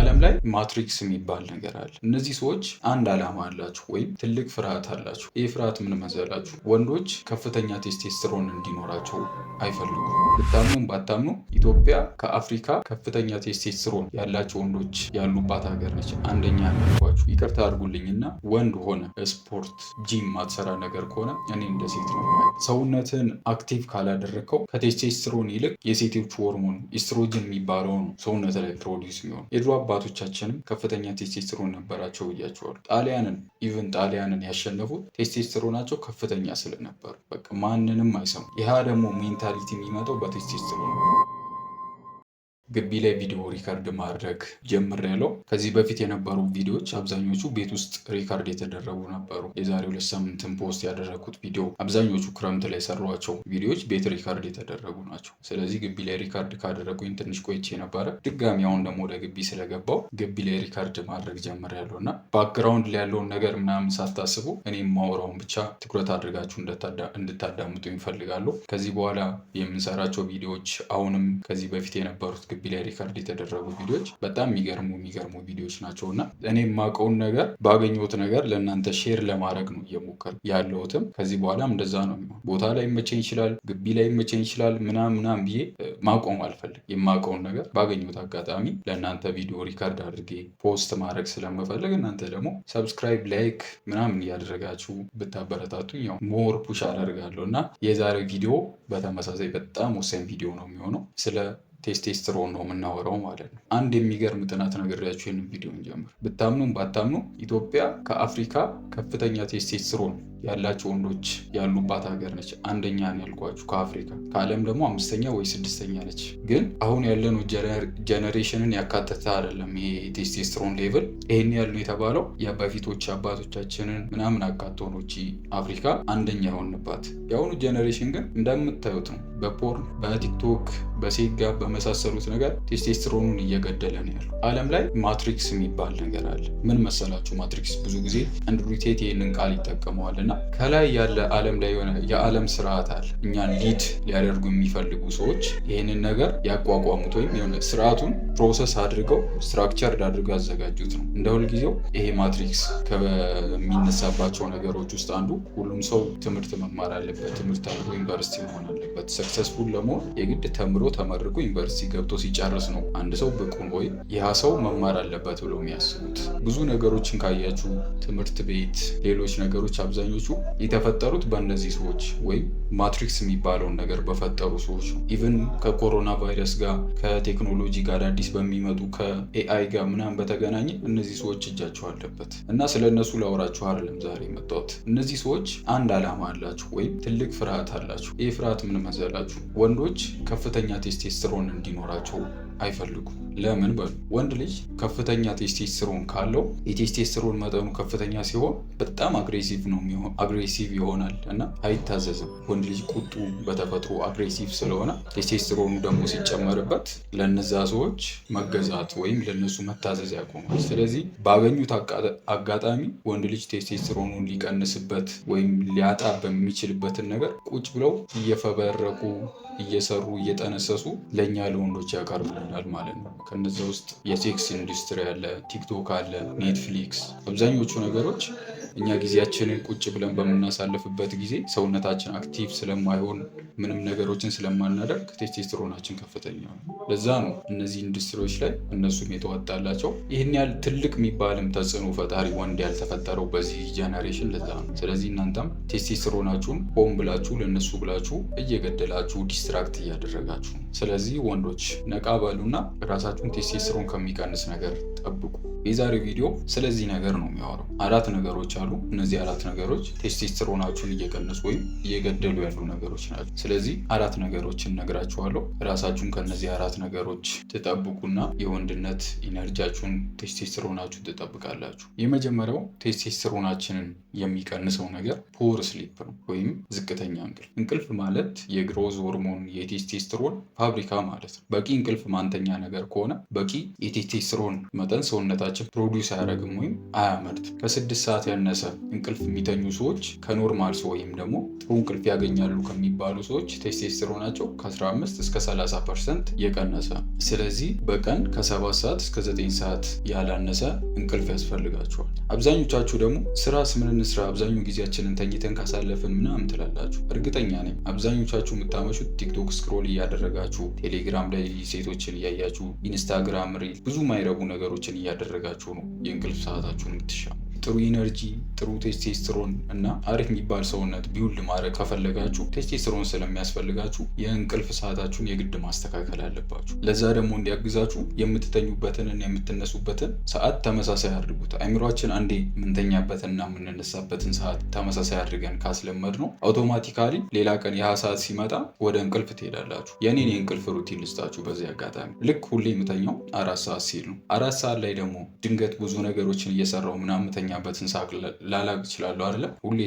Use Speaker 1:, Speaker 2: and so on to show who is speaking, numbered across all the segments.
Speaker 1: በዓለም ላይ ማትሪክስ የሚባል ነገር አለ። እነዚህ ሰዎች አንድ ዓላማ አላችሁ ወይም ትልቅ ፍርሃት አላችሁ። ይህ ፍርሃት ምን መሰላችሁ? ወንዶች ከፍተኛ ቴስቴስትሮን እንዲኖራቸው አይፈልጉም። ብታምኑም ባታምኑ ኢትዮጵያ ከአፍሪካ ከፍተኛ ቴስቴስትሮን ያላቸው ወንዶች ያሉባት ሀገር ነች። አንደኛ ያመልኳችሁ ይቅርታ አድርጉልኝና ወንድ ሆነ ስፖርት ጂም ማትሰራ ነገር ከሆነ እኔ እንደ ሴት ነው። ሰውነትን አክቲቭ ካላደረግከው ከቴስቴስትሮን ይልቅ የሴቶች ሆርሞን ኢስትሮጅን የሚባለውን ሰውነት ላይ ፕሮዲስ የሚሆን የድሮ አባቶቻችንም ከፍተኛ ቴስቴስትሮን ነበራቸው ብያቸዋለሁ። ጣሊያንን ኢቨን ጣሊያንን ያሸነፉት ቴስቴስትሮናቸው ከፍተኛ ስለነበሩ በቃ ማንንም አይሰሙ። ይህ ደግሞ ሜንታሊቲ የሚመጣው በቴስቴስትሮን ነው። ግቢ ላይ ቪዲዮ ሪከርድ ማድረግ ጀምሬያለሁ። ከዚህ በፊት የነበሩ ቪዲዮዎች አብዛኞቹ ቤት ውስጥ ሪከርድ የተደረጉ ነበሩ። የዛሬ ሁለት ሳምንትን ፖስት ያደረግኩት ቪዲዮ አብዛኞቹ ክረምት ላይ የሰሯቸው ቪዲዮዎች ቤት ሪከርድ የተደረጉ ናቸው። ስለዚህ ግቢ ላይ ሪከርድ ካደረጉኝ ትንሽ ቆይቼ ነበረ። ድጋሚ አሁን ደግሞ ወደ ግቢ ስለገባው ግቢ ላይ ሪከርድ ማድረግ ጀምሬያለሁ እና ባክግራውንድ ላይ ያለውን ነገር ምናምን ሳታስቡ እኔ ማውራውን ብቻ ትኩረት አድርጋችሁ እንድታዳምጡ ይፈልጋሉ። ከዚህ በኋላ የምንሰራቸው ቪዲዮዎች አሁንም ከዚህ በፊት የነበሩት ግቢ ላይ ሪከርድ የተደረጉ ቪዲዮዎች በጣም የሚገርሙ የሚገርሙ ቪዲዮዎች ናቸው እና እኔ የማውቀውን ነገር ባገኘሁት ነገር ለእናንተ ሼር ለማድረግ ነው እየሞከር ያለሁትም። ከዚህ በኋላም እንደዛ ነው የሚሆን። ቦታ ላይ መቼን ይችላል፣ ግቢ ላይ መቼን ይችላል ምናም ምናም ብዬ ማቆም አልፈልግ። የማውቀውን ነገር ባገኘሁት አጋጣሚ ለእናንተ ቪዲዮ ሪከርድ አድርጌ ፖስት ማድረግ ስለምፈልግ እናንተ ደግሞ ሰብስክራይብ፣ ላይክ ምናምን እያደረጋችሁ ብታበረታቱኝ ያው ሞር ፑሽ አደርጋለሁ እና የዛሬ ቪዲዮ በተመሳሳይ በጣም ወሳኝ ቪዲዮ ነው የሚሆነው ስለ ቴስቴስትሮን ነው የምናወራው ማለት ነው። አንድ የሚገርም ጥናት ነግሬያችሁ ይህን ቪዲዮ እንጀምር። ብታምኑም ባታምኑ ኢትዮጵያ ከአፍሪካ ከፍተኛ ቴስቴስትሮን ያላቸው ወንዶች ያሉባት ሀገር ነች። አንደኛ ነው ያልኳችሁ ከአፍሪካ ከዓለም ደግሞ አምስተኛ ወይ ስድስተኛ ነች። ግን አሁን ያለነው ጀነሬሽንን ያካተተ አይደለም። ይሄ ቴስቴስትሮን ሌቭል ይህን ያሉ የተባለው የበፊቶች አባቶቻችንን ምናምን አካቶ ነው አፍሪካ አንደኛ የሆንባት። የአሁኑ ጀነሬሽን ግን እንደምታዩት ነው በፖርን በቲክቶክ በሴጋ በመሳሰሉት ነገር ቴስቴስትሮኑን እየገደለ ነው ያለው። ዓለም ላይ ማትሪክስ የሚባል ነገር አለ። ምን መሰላችሁ? ማትሪክስ ብዙ ጊዜ አንድሩ ቴት ይህንን ቃል ይጠቀመዋል እና ከላይ ያለ ዓለም ላይ የሆነ የዓለም ስርዓት አለ። እኛን ሊድ ሊያደርጉ የሚፈልጉ ሰዎች ይህንን ነገር ያቋቋሙት ወይም የሆነ ስርዓቱን ፕሮሰስ አድርገው ስትራክቸር አድርገው ያዘጋጁት ነው። እንደ ሁልጊዜው ይሄ ማትሪክስ ከሚነሳባቸው ነገሮች ውስጥ አንዱ ሁሉም ሰው ትምህርት መማር አለበት። ትምህርት አድርጎ ዩኒቨርሲቲ መሆን አለበት። ሰክሰስፉል ለመሆን የግድ ተምሮ ተመርቆ ዩኒቨርሲቲ ገብቶ ሲጨርስ ነው አንድ ሰው ብቁ ሆይ ያ ሰው መማር አለበት ብለው የሚያስቡት። ብዙ ነገሮችን ካያችሁ ትምህርት ቤት፣ ሌሎች ነገሮች አብዛኞቹ የተፈጠሩት በእነዚህ ሰዎች ወይም ማትሪክስ የሚባለውን ነገር በፈጠሩ ሰዎች ነው። ኢቨን ከኮሮና ቫይረስ ጋር ከቴክኖሎጂ ጋር አዳዲስ በሚመጡ ከኤአይ ጋር ምናምን በተገናኘ እነዚህ ሰዎች እጃቸው አለበት እና ስለ እነሱ ላወራችሁ አይደለም ዛሬ የመጣሁት። እነዚህ ሰዎች አንድ ዓላማ አላችሁ ወይም ትልቅ ፍርሃት አላችሁ። ይህ ፍርሃት ምን መሰላችሁ? ወንዶች ከፍተኛ ቴስቴስትሮን እንዲኖራቸው አይፈልጉም። ለምን በሉ ወንድ ልጅ ከፍተኛ ቴስቴስትሮን ካለው የቴስቴስትሮን መጠኑ ከፍተኛ ሲሆን በጣም አግሬሲቭ ነው የሚሆን አግሬሲቭ ይሆናል እና አይታዘዝም። ወንድ ልጅ ቁጡ በተፈጥሮ አግሬሲቭ ስለሆነ ቴስቴስትሮኑ ደግሞ ሲጨመርበት ለነዛ ሰዎች መገዛት ወይም ለነሱ መታዘዝ ያቆማል። ስለዚህ ባገኙት አጋጣሚ ወንድ ልጅ ቴስቴስትሮኑን ሊቀንስበት ወይም ሊያጣ በሚችልበትን ነገር ቁጭ ብለው እየፈበረቁ እየሰሩ እየጠነሰሱ ለእኛ ለወንዶች ያቀርቡ ይሆናል ማለት ነው። ከነዚ ውስጥ የሴክስ ኢንዱስትሪ አለ፣ ቲክቶክ አለ፣ ኔትፍሊክስ አብዛኞቹ ነገሮች እኛ ጊዜያችንን ቁጭ ብለን በምናሳልፍበት ጊዜ ሰውነታችን አክቲቭ ስለማይሆን ምንም ነገሮችን ስለማናደርግ ቴስቴስትሮናችን ከፍተኛ ነው። ለዛ ነው እነዚህ ኢንዱስትሪዎች ላይ እነሱም የተዋጣላቸው ይህን ያህል ትልቅ የሚባልም ተጽዕኖ ፈጣሪ ወንድ ያልተፈጠረው በዚህ ጀነሬሽን። ለዛ ነው። ስለዚህ እናንተም ቴስቴስትሮናችሁን ሆን ብላችሁ ለእነሱ ብላችሁ እየገደላችሁ ዲስትራክት እያደረጋችሁ ነው ስለዚህ ወንዶች ነቃ በሉና ራሳችሁን ቴስቴስትሮን ከሚቀንስ ነገር ጠብቁ። የዛሬው ቪዲዮ ስለዚህ ነገር ነው የሚያወራው። አራት ነገሮች አሉ። እነዚህ አራት ነገሮች ቴስቴስትሮናችሁን እየቀነሱ ወይም እየገደሉ ያሉ ነገሮች ናቸው። ስለዚህ አራት ነገሮችን ነግራችኋለሁ። ራሳችሁን ከነዚህ አራት ነገሮች ትጠብቁና የወንድነት ኢነርጃችሁን፣ ቴስቴስትሮናችሁን ትጠብቃላችሁ። የመጀመሪያው ቴስቴስትሮናችንን የሚቀንሰው ነገር ፖር ስሊፕ ነው ወይም ዝቅተኛ እንቅልፍ። እንቅልፍ ማለት የግሮዝ ሆርሞን የቴስቴስትሮን ፋብሪካ ማለት ነው። በቂ እንቅልፍ ማንተኛ ነገር ከሆነ በቂ የቴስቴስትሮን መጠን ሰውነታችን ፕሮዲውስ አያደርግም ወይም አያመርትም። ከስድስት ሰዓት ያነሰ እንቅልፍ የሚተኙ ሰዎች ከኖርማል ሰው ወይም ደግሞ ጥሩ እንቅልፍ ያገኛሉ ከሚባሉ ሰዎች ቴስቴስትሮናቸው ከ15 እስከ 30 ፐርሰንት የቀነሰ። ስለዚህ በቀን ከ7 ሰዓት እስከ 9 ሰዓት ያላነሰ እንቅልፍ ያስፈልጋቸዋል። አብዛኞቻችሁ ደግሞ ስራ ስምንን ስራ አብዛኛው ጊዜያችንን ተኝተን ካሳለፍን ምናምን ትላላችሁ። እርግጠኛ ነኝ አብዛኞቻችሁ የምታመሹት ቲክቶክ ስክሮል እያደረጋችሁ ቴሌግራም ላይ ሴቶችን እያያችሁ ኢንስታግራም ሪል ብዙ ማይረቡ ነገሮች ነገሮችን እያደረጋችሁ ነው የእንቅልፍ ሰዓታችሁን የምትሻሙ። ጥሩ ኢነርጂ ጥሩ ቴስቴስትሮን እና አሪፍ የሚባል ሰውነት ቢውልድ ማድረግ ከፈለጋችሁ ቴስቴስትሮን ስለሚያስፈልጋችሁ የእንቅልፍ ሰዓታችሁን የግድ ማስተካከል አለባችሁ። ለዛ ደግሞ እንዲያግዛችሁ የምትተኙበትንና የምትነሱበትን ሰዓት ተመሳሳይ አድርጉት። አይምሯችን አንዴ የምንተኛበትንና የምንነሳበትን ሰዓት ተመሳሳይ አድርገን ካስለመድ ነው አውቶማቲካሊ ሌላ ቀን ያህ ሰዓት ሲመጣ ወደ እንቅልፍ ትሄዳላችሁ። የኔን የእንቅልፍ ሩቲን ልስጣችሁ በዚህ አጋጣሚ ልክ ሁሌ የምተኛው አራት ሰዓት ሲል ነው። አራት ሰዓት ላይ ደግሞ ድንገት ብዙ ነገሮችን እየሰራው ምናምን የምተኛበትን ላላቅ እችላለሁ አይደለ? ሁሌ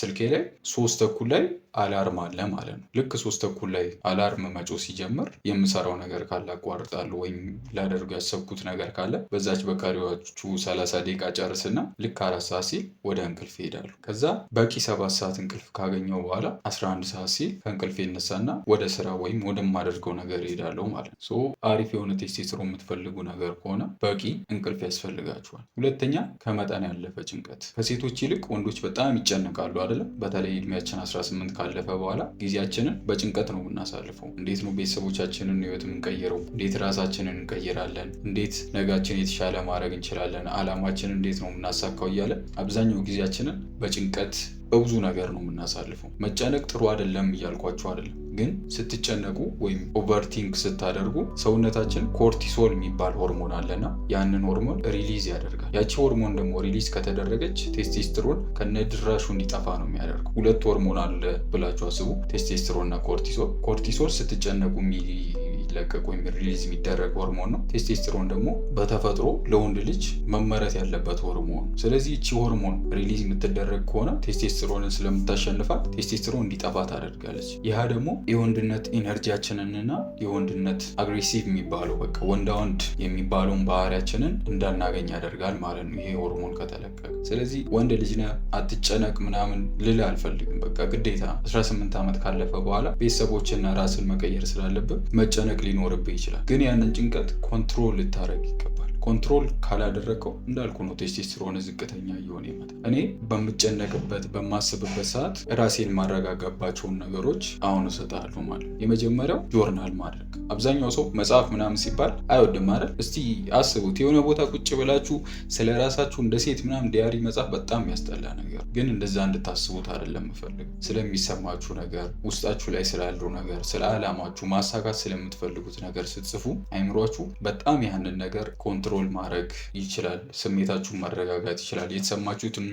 Speaker 1: ስልኬ ላይ ሶስት ተኩል ላይ አላርም አለ ማለት ነው። ልክ ሶስት ተኩል ላይ አላርም መጮ ሲጀምር የምሰራው ነገር ካለ አቋርጣለሁ፣ ወይም ላደርግ ያሰብኩት ነገር ካለ በዛች በቀሪዎቹ ሰላሳ ደቂቃ ጨርስና ልክ አራት ሰዓት ሲል ወደ እንቅልፍ ይሄዳሉ ከዛ በቂ ሰባት ሰዓት እንቅልፍ ካገኘው በኋላ 11 ሰዓት ሲል ከእንቅልፍ ይነሳና ወደ ስራ ወይም ወደማደርገው ነገር ይሄዳለሁ ማለት ነው። አሪፍ የሆነ ቴስቴስትሮን የምትፈልጉ ነገር ከሆነ በቂ እንቅልፍ ያስፈልጋችኋል። ሁለተኛ ከመጠን ያለፈ ጭንቀት ከሴቶች ይልቅ ወንዶች በጣም ይጨነቃሉ አይደለም። በተለይ እድሜያችን 18 ካለፈ በኋላ ጊዜያችንን በጭንቀት ነው የምናሳልፈው። እንዴት ነው ቤተሰቦቻችንን ህይወት የምንቀይረው? እንዴት ራሳችንን እንቀይራለን? እንዴት ነጋችን የተሻለ ማድረግ እንችላለን? አላማችን እንዴት ነው የምናሳካው? እያለ አብዛኛው ጊዜያችንን በጭንቀት በብዙ ነገር ነው የምናሳልፈው። መጨነቅ ጥሩ አይደለም እያልኳቸው አይደለም፣ ግን ስትጨነቁ ወይም ኦቨርቲንክ ስታደርጉ ሰውነታችን ኮርቲሶል የሚባል ሆርሞን አለና ያንን ሆርሞን ሪሊዝ ያደርጋል። ያቺ ሆርሞን ደግሞ ሪሊዝ ከተደረገች ቴስቴስትሮን ከነድራሹ እንዲጠፋ ነው የሚያደርገው። ሁለት ሆርሞን አለ ብላችሁ አስቡ፣ ቴስቴስትሮን እና ኮርቲሶል። ኮርቲሶል ስትጨነቁ የሚለቀቅ ወይም ሪሊዝ የሚደረግ ሆርሞን ነው። ቴስቴስትሮን ደግሞ በተፈጥሮ ለወንድ ልጅ መመረት ያለበት ሆርሞን። ስለዚህ እቺ ሆርሞን ሪሊዝ የምትደረግ ከሆነ ቴስቴስትሮንን ስለምታሸንፋት ቴስቴስትሮን እንዲጠፋ ታደርጋለች። ይህ ደግሞ የወንድነት ኢነርጂያችንንና የወንድነት አግሬሲቭ የሚባለው በቃ ወንዳ ወንድ የሚባለውን ባህሪያችንን እንዳናገኝ ያደርጋል ማለት ነው ይሄ ሆርሞን ከተለቀቀ። ስለዚህ ወንድ ልጅ ነህ አትጨነቅ ምናምን ልል አልፈልግም። በቃ ግዴታ 18 ዓመት ካለፈ በኋላ ቤተሰቦችና ራስን መቀየር ስላለብህ መጨነቅ ሊኖርብህ ይችላል። ግን ያንን ጭንቀት ኮንትሮል ልታረግ ይገባል። ኮንትሮል ካላደረግከው እንዳልኩ ነው ቴስቴስትሮን ዝቅተኛ እየሆነ ይመጣ። እኔ በምጨነቅበት በማስብበት ሰዓት ራሴን ማረጋጋባቸውን ነገሮች አሁን እሰጥሃለሁ ማለት የመጀመሪያው ጆርናል ማድረግ። አብዛኛው ሰው መጽሐፍ ምናምን ሲባል አይወድም አይደል? እስቲ አስቡት የሆነ ቦታ ቁጭ ብላችሁ ስለ ራሳችሁ እንደ ሴት ምናምን ዲያሪ መጽሐፍ በጣም ያስጠላ ነገር፣ ግን እንደዛ እንድታስቡት አይደለም እፈልግ ስለሚሰማችሁ ነገር፣ ውስጣችሁ ላይ ስላለው ነገር፣ ስለ አላማችሁ ማሳካት ስለምትፈልጉት ነገር ስትጽፉ አይምሯችሁ በጣም ያንን ነገር ኮንትሮል ኮንትሮል ማድረግ ይችላል። ስሜታችሁን ማረጋጋት ይችላል። የተሰማችሁትን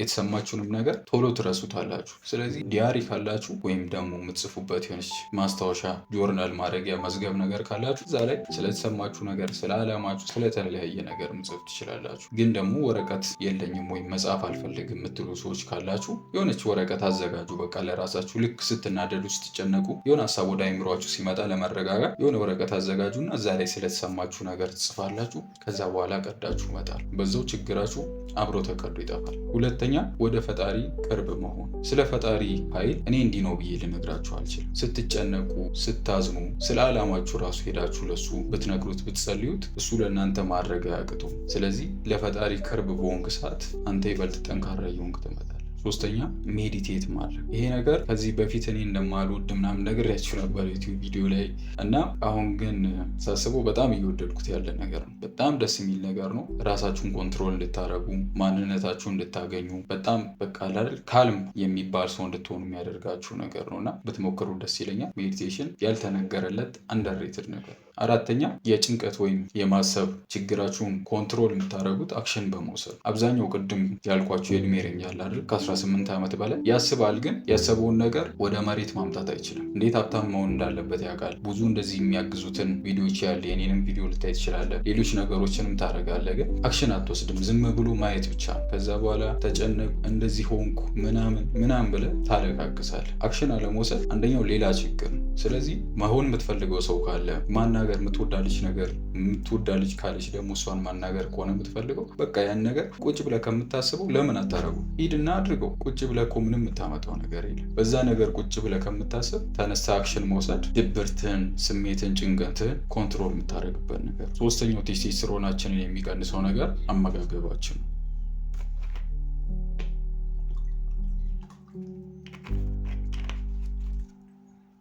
Speaker 1: የተሰማችሁንም ነገር ቶሎ ትረሱታላችሁ። ስለዚህ ዲያሪ ካላችሁ ወይም ደግሞ የምትጽፉበት የሆነች ማስታወሻ ጆርናል ማድረጊያ መዝገብ ነገር ካላችሁ እዛ ላይ ስለተሰማችሁ ነገር፣ ስለ አላማችሁ፣ ስለተለያየ ነገር ምጽፍ ትችላላችሁ። ግን ደግሞ ወረቀት የለኝም ወይም መጽሐፍ አልፈልግም የምትሉ ሰዎች ካላችሁ የሆነች ወረቀት አዘጋጁ። በቃ ለራሳችሁ ልክ ስትናደዱ፣ ስትጨነቁ የሆነ ሀሳብ ወደ አይምሯችሁ ሲመጣ ለመረጋጋት የሆነ ወረቀት አዘጋጁ እና እዛ ላይ ስለተሰማችሁ ነገር ትጽፋላችሁ። ከዛ በኋላ ቀዳችሁ ይመጣል። በዛው ችግራችሁ አብሮ ተቀዶ ይጠፋል። ሁለተኛ ሁለተኛ ወደ ፈጣሪ ቅርብ መሆን። ስለ ፈጣሪ ኃይል እኔ እንዲህ ነው ብዬ ልነግራችሁ አልችልም። ስትጨነቁ፣ ስታዝኑ፣ ስለ ዓላማችሁ ራሱ ሄዳችሁ ለሱ ብትነግሩት ብትጸልዩት እሱ ለእናንተ ማድረግ አያቅቱም። ስለዚህ ለፈጣሪ ቅርብ በሆንክ ሰዓት አንተ ይበልጥ ጠንካራ እየሆንክ ትመጣለህ። ሶስተኛ ሜዲቴት ማድረግ። ይሄ ነገር ከዚህ በፊት እኔ እንደማልወድ ምናምን ነግሬያችሁ ነበር ዩቲዩብ ቪዲዮ ላይ እና አሁን ግን ሳስበው በጣም እየወደድኩት ያለ ነገር ነው። በጣም ደስ የሚል ነገር ነው። ራሳችሁን ኮንትሮል እንድታረጉ፣ ማንነታችሁ እንድታገኙ፣ በጣም በቃ አይደል ካልም የሚባል ሰው እንድትሆኑ የሚያደርጋችሁ ነገር ነው እና ብትሞክሩ ደስ ይለኛል። ሜዲቴሽን ያልተነገረለት አንደርሬትድ ነገር አራተኛ የጭንቀት ወይም የማሰብ ችግራችሁን ኮንትሮል የምታደርጉት አክሽን በመውሰድ አብዛኛው ቅድም ያልኳቸው የእድሜ ሬንጅ አለ አይደል ከ18 ዓመት በላይ ያስባል፣ ግን ያሰበውን ነገር ወደ መሬት ማምጣት አይችልም። እንዴት ሀብታም መሆን እንዳለበት ያውቃል። ብዙ እንደዚህ የሚያግዙትን ቪዲዮች ያለ የኔንም ቪዲዮ ልታይ ትችላለህ። ሌሎች ነገሮችንም ታደርጋለ ግን አክሽን አትወስድም። ዝም ብሎ ማየት ብቻ። ከዛ በኋላ ተጨነቅ፣ እንደዚህ ሆንኩ ምናምን ምናምን ብለ ታለቃቅሳለህ። አክሽን አለመውሰድ አንደኛው ሌላ ችግር ነው። ስለዚህ መሆን የምትፈልገው ሰው ካለ ማና ነገር የምትወዳልች ነገር የምትወዳ ካለች ደግሞ እሷን ማናገር ከሆነ የምትፈልገው በቃ ያን ነገር ቁጭ ብለህ ከምታስበው ለምን አታረጉ? ሂድና አድርገው። ቁጭ ብለህ እኮ ምንም የምታመጣው ነገር የለም። በዛ ነገር ቁጭ ብለህ ከምታስብ ተነሳ አክሽን መውሰድ ድብርትን፣ ስሜትን፣ ጭንቀትን ኮንትሮል የምታደርግበት ነገር። ሶስተኛው ቴስቴስትሮናችንን የሚቀንሰው ነገር አመጋገባችን ነው።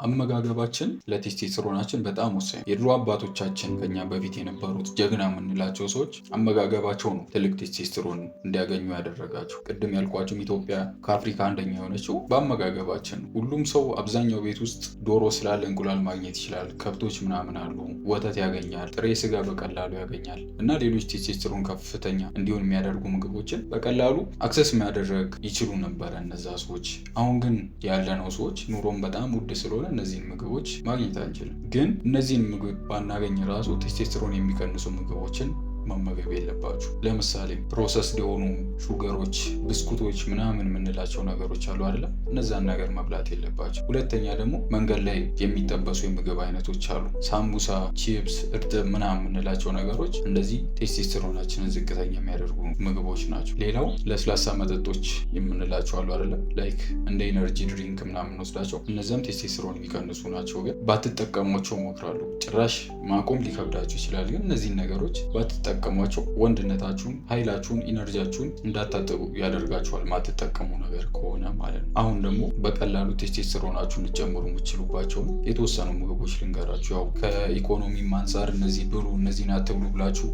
Speaker 1: አመጋገባችን ለቴስቴስትሮናችን በጣም ወሳኝ። የድሮ አባቶቻችን ከኛ በፊት የነበሩት ጀግና የምንላቸው ሰዎች አመጋገባቸው ነው ትልቅ ቴስቴስትሮን እንዲያገኙ ያደረጋቸው። ቅድም ያልኳቸውም ኢትዮጵያ ከአፍሪካ አንደኛ የሆነችው በአመጋገባችን ነው። ሁሉም ሰው አብዛኛው ቤት ውስጥ ዶሮ ስላለ እንቁላል ማግኘት ይችላል። ከብቶች ምናምን አሉ፣ ወተት ያገኛል፣ ጥሬ ስጋ በቀላሉ ያገኛል እና ሌሎች ቴስቴስትሮን ከፍተኛ እንዲሆን የሚያደርጉ ምግቦችን በቀላሉ አክሰስ የሚያደረግ ይችሉ ነበረ እነዛ ሰዎች። አሁን ግን ያለነው ሰዎች ኑሮም በጣም ውድ ስለሆነ እነዚህን ምግቦች ማግኘት አንችልም። ግን እነዚህን ምግብ ባናገኝ ራሱ ቴስቴስትሮን የሚቀንሱ ምግቦችን መመገብ የለባችሁ። ለምሳሌ ፕሮሰስድ የሆኑ ሹገሮች፣ ብስኩቶች ምናምን የምንላቸው ነገሮች አሉ አይደለ? እነዛን ነገር መብላት የለባቸው። ሁለተኛ ደግሞ መንገድ ላይ የሚጠበሱ የምግብ አይነቶች አሉ። ሳምቡሳ፣ ቺፕስ፣ እርጥብ ምናምን የምንላቸው ነገሮች እንደዚህ ቴስቶስትሮናችንን ዝቅተኛ የሚያደርጉ ምግቦች ናቸው። ሌላው ለስላሳ መጠጦች የምንላቸው አሉ አይደለ? ላይክ እንደ ኢነርጂ ድሪንክ ምናምን ወስዳቸው፣ እነዚም ቴስቶስትሮን የሚቀንሱ ናቸው። ግን ባትጠቀሟቸው ሞክራሉ። ጭራሽ ማቆም ሊከብዳቸው ይችላል። ግን እነዚህን ነገሮች ባትጠቀ ስትጠቀሟቸው ወንድነታችሁን፣ ኃይላችሁን፣ ኢነርጂያችሁን እንዳታጠቁ ያደርጋችኋል። ማትጠቀሙ ነገር ከሆነ ማለት ነው። አሁን ደግሞ በቀላሉ ቴስቴስትሮናችሁን ልትጨምሩ የምችሉባቸውን የተወሰኑ ምግቦች ልንገራችሁ። ያው ከኢኮኖሚም አንጻር እነዚህ ብሉ እነዚህን አትብሉ ብላችሁ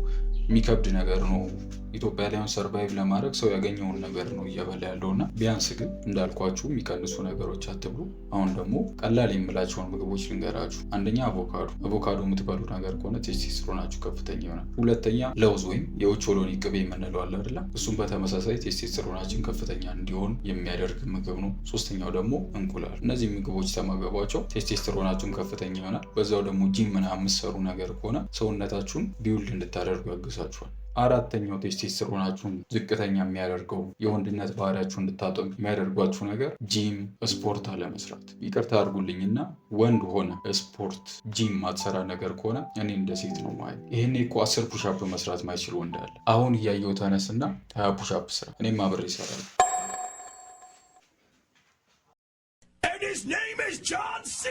Speaker 1: የሚከብድ ነገር ነው ኢትዮጵያ ላይ ሰርቫይቭ ለማድረግ ሰው ያገኘውን ነገር ነው እየበላ ያለው እና ቢያንስ ግን እንዳልኳችሁ የሚቀንሱ ነገሮች አትብሉ። አሁን ደግሞ ቀላል የምላቸውን ምግቦች ልንገራችሁ። አንደኛ አቮካዶ። አቮካዶ የምትበሉ ነገር ከሆነ ቴስቴስትሮናችሁ ከፍተኛ ይሆናል። ሁለተኛ ለውዝ ወይም የኦቾሎኒ ቅቤ የምንለው አለ አይደለም። እሱም በተመሳሳይ ቴስቴስትሮናችን ከፍተኛ እንዲሆን የሚያደርግ ምግብ ነው። ሶስተኛው ደግሞ እንቁላል። እነዚህ ምግቦች ተመገቧቸው፣ ቴስቴስትሮናችሁን ከፍተኛ ይሆናል። በዛው ደግሞ ጂም ምናምን የምትሰሩ ነገር ከሆነ ሰውነታችሁን ቢውልድ እንድታደርጉ ያግዛችኋል። አራተኛው ቴስቴስትሮናችሁን ዝቅተኛ የሚያደርገው የወንድነት ባህሪያችሁ እንድታጠም የሚያደርጓችሁ ነገር ጂም፣ ስፖርት አለመስራት። ይቅርታ አድርጉልኝና ወንድ ሆነ ስፖርት፣ ጂም ማትሰራ ነገር ከሆነ እኔ እንደ ሴት ነው ማየ። ይህኔ እኮ አስር ፑሻፕ መስራት ማይችል ወንድ አለ። አሁን እያየው ተነስና ሀያ ፑሻፕ ስራ። እኔም አብሬ ይሰራል። His name is John C.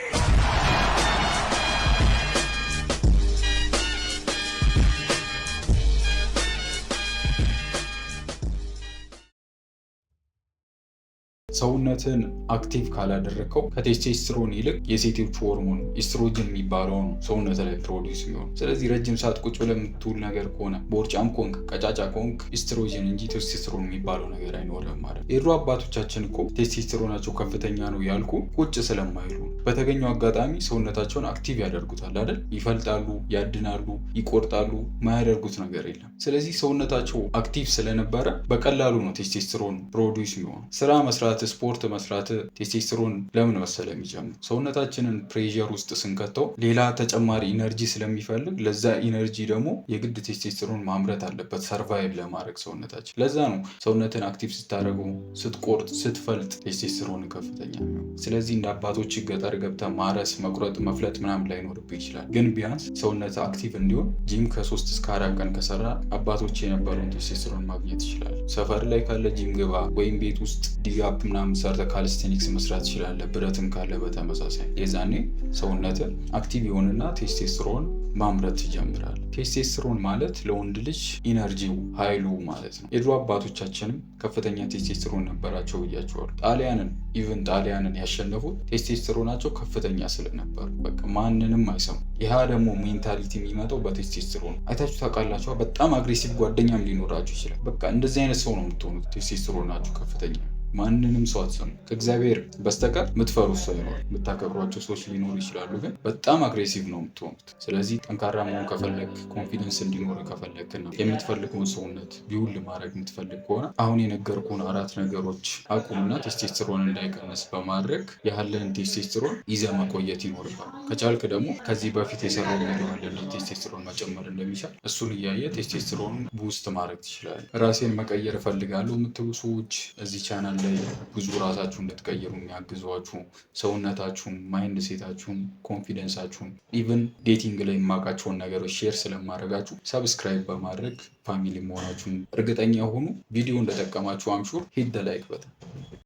Speaker 1: ሰውነትን አክቲቭ ካላደረግከው ከቴስቴስትሮን ይልቅ የሴቶች ሆርሞን ኢስትሮጅን የሚባለው ነው ሰውነት ላይ ፕሮዲስ የሚሆን። ስለዚህ ረጅም ሰዓት ቁጭ ብለህ የምትውል ነገር ከሆነ ቦርጫም ኮንክ ቀጫጫ ኮንክ ኢስትሮጅን እንጂ ቴስቴስትሮን የሚባለው ነገር አይኖርም ማለት። የድሮ አባቶቻችን እኮ ቴስቴስትሮናቸው ከፍተኛ ነው ያልኩ ቁጭ ስለማይሉ በተገኘው አጋጣሚ ሰውነታቸውን አክቲቭ ያደርጉታል አይደል? ይፈልጣሉ፣ ያድናሉ፣ ይቆርጣሉ፣ ማያደርጉት ነገር የለም። ስለዚህ ሰውነታቸው አክቲቭ ስለነበረ በቀላሉ ነው ቴስቴስትሮን ፕሮዲስ የሚሆኑ ስራ መስራት መስራት ስፖርት መስራት ቴስቴስትሮን ለምን መሰለ የሚጨምር ሰውነታችንን ፕሬር ውስጥ ስንከተው ሌላ ተጨማሪ ኢነርጂ ስለሚፈልግ ለዛ ኢነርጂ ደግሞ የግድ ቴስቴስትሮን ማምረት አለበት ሰርቫይቭ ለማድረግ ሰውነታችን። ለዛ ነው ሰውነትን አክቲቭ ስታደርገው ስትቆርጥ፣ ስትፈልጥ ቴስቴስትሮን ከፍተኛ ነው። ስለዚህ እንደ አባቶች ገጠር ገብተ ማረስ፣ መቁረጥ፣ መፍለጥ ምናምን ላይኖርብ ይችላል። ግን ቢያንስ ሰውነት አክቲቭ እንዲሆን ጂም ከሶስት እስከ አራት ቀን ከሰራ አባቶች የነበረውን ቴስቴስትሮን ማግኘት ይችላል። ሰፈር ላይ ካለ ጂም ግባ ወይም ቤት ውስጥ ዲጋፕ ምናምን ሰርተ ካልስቴኒክስ መስራት ይችላለ። ብረትን ካለ በተመሳሳይ የዛኔ ሰውነት አክቲቭ ይሆንና ቴስቴስትሮን ማምረት ይጀምራል። ቴስቴስትሮን ማለት ለወንድ ልጅ ኢነርጂው ኃይሉ ማለት ነው። የድሮ አባቶቻችንም ከፍተኛ ቴስቴስትሮን ነበራቸው ብያቸዋል። ጣሊያንን ኢቨን ጣሊያንን ያሸነፉት ቴስቴስትሮናቸው ከፍተኛ ስለነበር በቃ ማንንም አይሰሙ። ይህ ደግሞ ሜንታሊቲ የሚመጣው በቴስቴስትሮን አይታችሁ ታውቃላችኋ። በጣም አግሬሲቭ ጓደኛም ሊኖራችሁ ይችላል። በቃ እንደዚህ አይነት ሰው ነው የምትሆኑት ቴስቴስትሮናችሁ ከፍተኛ ማንንም ሰው አትሰሙ። ከእግዚአብሔር በስተቀር የምትፈሩ ሰው ይኖር፣ የምታከብሯቸው ሰዎች ሊኖሩ ይችላሉ፣ ግን በጣም አግሬሲቭ ነው የምትሆኑት። ስለዚህ ጠንካራ መሆን ከፈለግ፣ ኮንፊደንስ እንዲኖር ከፈለግና የምትፈልገውን ሰውነት ቢውል ማድረግ የምትፈልግ ከሆነ አሁን የነገርኩን አራት ነገሮች አቁምና ቴስቴስትሮን እንዳይቀንስ በማድረግ ያህልን ቴስቴስትሮን ይዘ መቆየት ይኖርባል። ከቻልክ ደግሞ ከዚህ በፊት የሰራው ያለ ቴስቴስትሮን መጨመር እንደሚቻል እሱን እያየ ቴስቴስትሮን ቡስት ማድረግ ትችላል። ራሴን መቀየር እፈልጋለሁ የምትሉ ሰዎች እዚህ ቻናል ላይ ብዙ ራሳችሁ እንድትቀይሩ የሚያግዟችሁ ሰውነታችሁን፣ ማይንድ ሴታችሁን ኮንፊደንሳችሁን ኢቨን ዴቲንግ ላይ የማውቃቸውን ነገሮች ሼር ስለማድረጋችሁ ሰብስክራይብ በማድረግ ፋሚሊ መሆናችሁን እርግጠኛ ሆኑ። ቪዲዮ እንደጠቀማችሁ አምሹር ሂት ደ ላይክ